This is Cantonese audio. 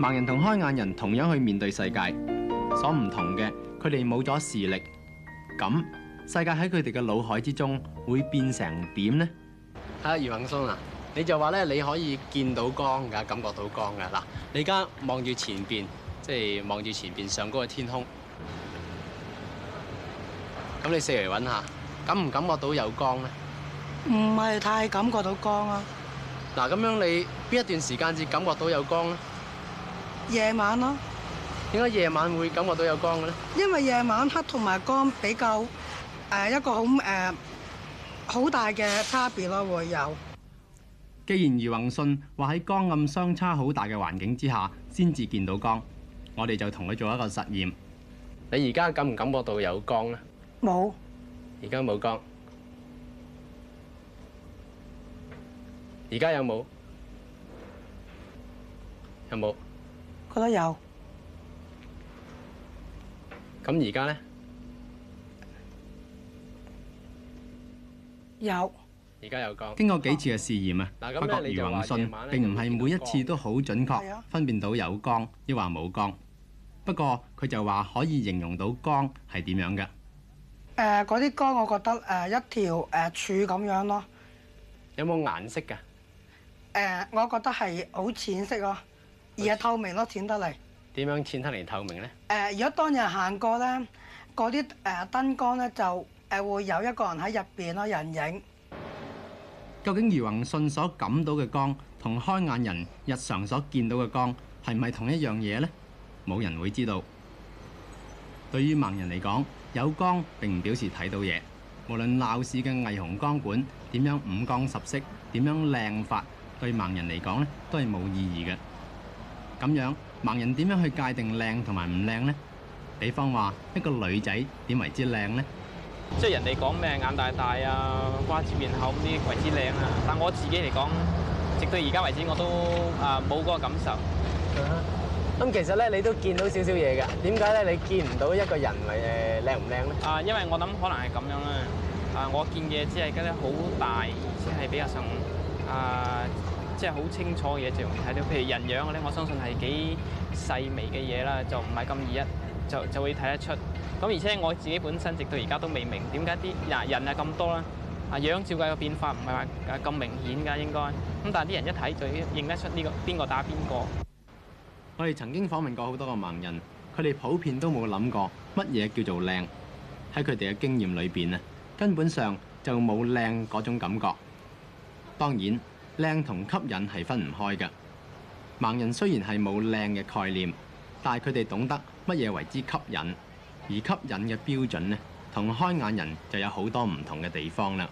盲人同開眼人同樣去面對世界，所唔同嘅，佢哋冇咗視力，咁世界喺佢哋嘅腦海之中會變成點咧？啊，余永松啊，你就話咧，你可以見到光噶，感覺到光噶。嗱，你而家望住前邊，即係望住前邊上高嘅天空，咁你四圍揾下，感唔感覺到有光咧？唔係太感覺到光啊。嗱，咁樣你邊一段時間至感覺到有光咧？夜晚咯，點解夜晚會感覺到有光嘅咧？因為夜晚黑同埋光比較誒，一個好誒，好大嘅差別咯，會有。既然余宏信話喺光暗相差好大嘅環境之下先至見到光，我哋就同佢做一個實驗。你而家感唔感覺到有光咧？冇，而家冇光。而家有冇？有冇？覺得有，咁而家呢，有，而家有光。經過幾次嘅試驗啊，不過余永信並唔係每一次都好準確分辨到有光抑或冇光。不過佢就話可以形容到光係點樣嘅。誒，嗰啲光我覺得誒一條誒柱咁樣咯。有冇顏色㗎？誒，我覺得係好淺色咯。而係透明攞淺得嚟，點樣淺得嚟透明咧？誒，如果當日行過咧，嗰啲誒燈光咧就誒會有一個人喺入邊咯，人影。究竟余宏信所感到嘅光，同開眼人日常所見到嘅光係咪同一樣嘢咧？冇人會知道。對於盲人嚟講，有光並唔表示睇到嘢，無論鬧市嘅霓虹光管點樣五光十色，點樣靚法，對盲人嚟講咧都係冇意義嘅。咁樣盲人點樣去界定靚同埋唔靚咧？比方話一個女仔點為之靚咧？即係人哋講咩眼大大啊、瓜子面口啲為之靚啊！但我自己嚟講，直到而家為止我都啊冇嗰個感受。咁其實咧，你都見到少少嘢㗎。點解咧？你見唔到一個人係誒靚唔靚咧？啊，因為我諗可能係咁樣啦。啊，我見嘅只係嗰啲好大，而且係比較上啊。即係好清楚嘅嘢就容易睇到，譬如人樣嘅咧，我相信係幾細微嘅嘢啦，就唔係咁易一就就會睇得出。咁而且我自己本身直到而家都未明點解啲呀人啊咁多啦，啊樣照計嘅變化唔係話咁明顯㗎應該。咁但係啲人一睇就已經認得出呢個邊個打邊個。我哋曾經訪問過好多個盲人，佢哋普遍都冇諗過乜嘢叫做靚，喺佢哋嘅經驗裏邊啊，根本上就冇靚嗰種感覺。當然。靚同吸引係分唔開㗎。盲人雖然係冇靚嘅概念，但係佢哋懂得乜嘢為之吸引，而吸引嘅標準呢，同開眼人就有好多唔同嘅地方啦。